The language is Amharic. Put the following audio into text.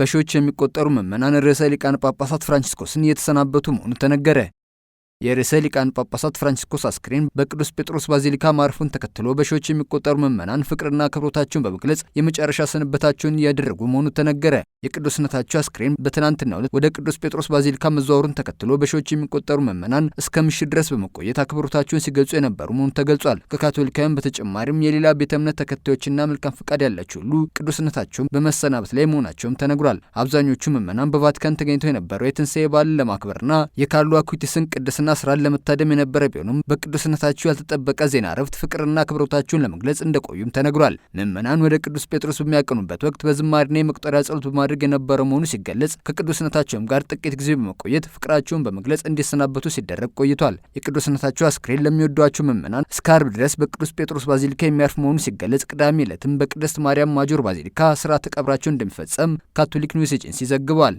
በሺዎች የሚቆጠሩ ምዕመናን ርዕሰ ሊቃነ ጳጳሳት ፍራንቺስኮስን እየተሰናበቱ መሆኑ ተነገረ። የርዕሰ ሊቃን ጳጳሳት ፍራንቺስኮስ አስክሬን በቅዱስ ጴጥሮስ ባዚሊካ ማረፉን ተከትሎ በሺዎች የሚቆጠሩ ምዕመናን ፍቅርና ክብሮታቸውን በመግለጽ የመጨረሻ ስንበታቸውን እያደረጉ መሆኑ ተነገረ። የቅዱስነታቸው አስክሬን በትናንትናው ዕለት ወደ ቅዱስ ጴጥሮስ ባዚሊካ መዘዋወሩን ተከትሎ በሺዎች የሚቆጠሩ ምዕመናን እስከ ምሽት ድረስ በመቆየት አክብሮታቸውን ሲገልጹ የነበሩ መሆኑ ተገልጿል። ከካቶሊካውያን በተጨማሪም የሌላ ቤተ እምነት ተከታዮችና መልካም ፈቃድ ያላቸው ሁሉ ቅዱስነታቸውን በመሰናበት ላይ መሆናቸውም ተነግሯል። አብዛኞቹ ምዕመናን በቫቲካን ተገኝተው የነበረው የትንሣኤ በዓልን ለማክበርና የካርሎ አኩቲስን ቅድስና ሕይወትና ስራን ለመታደም የነበረ ቢሆንም በቅዱስነታቸው ያልተጠበቀ ዜና እረፍት፣ ፍቅርና ክብሮታቸውን ለመግለጽ እንደቆዩም ተነግሯል። ምዕመናን ወደ ቅዱስ ጴጥሮስ በሚያቀኑበት ወቅት በዝማሬና የመቁጠሪያ ጸሎት በማድረግ የነበረ መሆኑ ሲገለጽ ከቅዱስነታቸውም ጋር ጥቂት ጊዜ በመቆየት ፍቅራቸውን በመግለጽ እንዲሰናበቱ ሲደረግ ቆይቷል። የቅዱስነታቸው አስክሬን ለሚወዷቸው ምዕመናን እስከ አርብ ድረስ በቅዱስ ጴጥሮስ ባዚሊካ የሚያርፍ መሆኑ ሲገለጽ ቅዳሜ ዕለትም በቅድስት ማርያም ማጆር ባዚሊካ ስርዓተ ቀብራቸው እንደሚፈጸም ካቶሊክ ኒውስ ኤጀንሲ ዘግቧል።